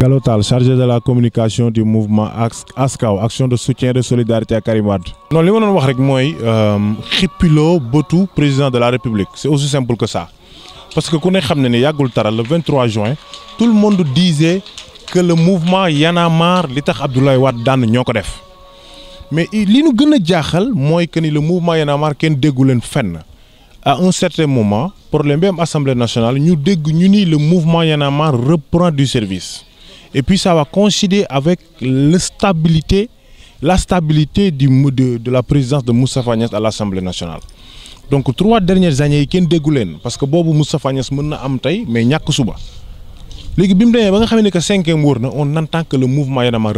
Galotal, chargé de la communication du mouvement ASCAW action de soutien de solidarité à Karim Wade. non li ma doon wax rek mooy euh, xippiloo bëtu président de la république c'est aussi simple que ça parce que ku ne xam ne ni yàggul tara le 23 juin tout le monde disait que le mouvement Y en li tax Abdoulaye Wade daan ñoo ko def. mais li nu gën a jaaxal mooy que ni le mouvement Y'en a marre kenn déggu leen fenn à un certain moment problème bi am assemblée nationale ñu dégg ñu ni le mouvement Y'en a marre reprend du service et puis ça va avec la stabilité la stabilité du de de la présidence de Moustapha Niass à l'assemblée nationale. donc trois dernières années yi kenn déggu leen parce que boobu Moustapha Niass mën na am tey mais ñàkk suba léegi bi mu demee ba nga xam n que cinquième wër na on entend que le mouvement Y'en a marre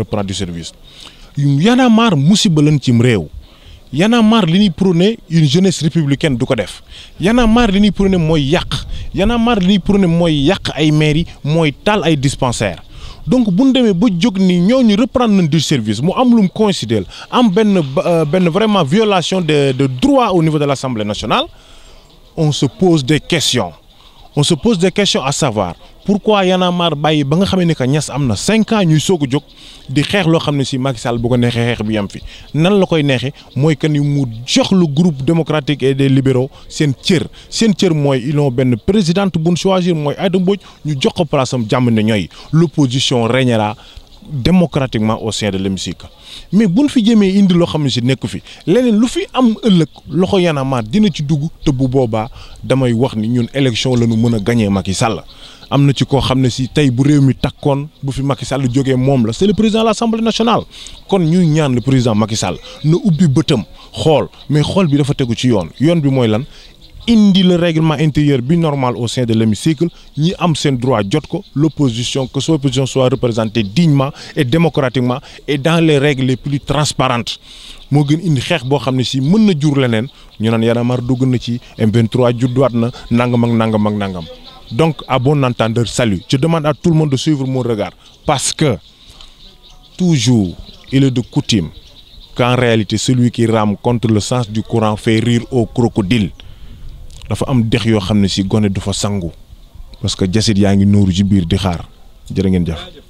Y'en a marre musiba lan cim réew Y'en a li ñuy prôné une jeunesse républicaine du ko def Y'en a marre li ñuy prôné mooy yàq Y'en a marre li ñuy prôné mooy yàq ay mairie mooy taal ay dispensaires donc bu ñu demee ba jóg ni ñooñu reprendre nañ du service mu am lu mu considéré am benn euh, benn vraiment violation de de droit au niveau de l'Assemblée nationale on se pose des questions. on se pose des questions à savoir pourquoi Y en a marre bàyyi ba nga xamee ne que Niass am na cinq ans ñuy soog a di xeex loo xam ne si Macky Sall bu ko neexee xeex bi yam fi nan la koy neexee mooy que ni mu jox le groupe démocratique et des libéraux seen cër seen cër mooy ils benn présidente bu ñu mooy Aïda Mbodj ñu jox ko place am jàmm ne ñooy l'opposition régnera démocratiquement au sein de l'hémicycle mais bu buñ fi jëmee indi loo xam ne si nekk fi leneen lu fi am ëllëg loxo Y'en a dina ci dugg te bu boobaa damay wax ni ñun élection la ñu mën a gañee Macky Sall am na ci koo xam ne si tey bu réew mi takkoon bu fi Macky Sall jógee moom la c'est le président de l'Assemblée nationale kon ñuy ñaan le président Macky Sall na ubbi bëtam xool mais xool bi dafa tegu ci yoon yoon bi mooy lan indi le réglement intérieur bi normal au sein de l'hémicycle ñi am seen droit jot ko l'opposition que son opposition soit représentée dignement et démocratiquement et dans les règles les plus transparentes moo gën indi xeex boo xam ne si mën na jur leneen ñu naan Y'en a dugg na ci M23 judduwaat na nangam ak nangam ak nangam donc à bon entendeur salut je demande à tout le monde de suivre mon regard parce que toujours il est de coutume qu'en réalité celui qui rame contre le sens du courant fait rire au dafa am dex yoo xam ne si gone du fa sangu parce que jasit yaa ngi nuuru ci biir di xaar jërë ngeen jëf